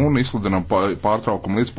un izsludinām pārtraukumu līdz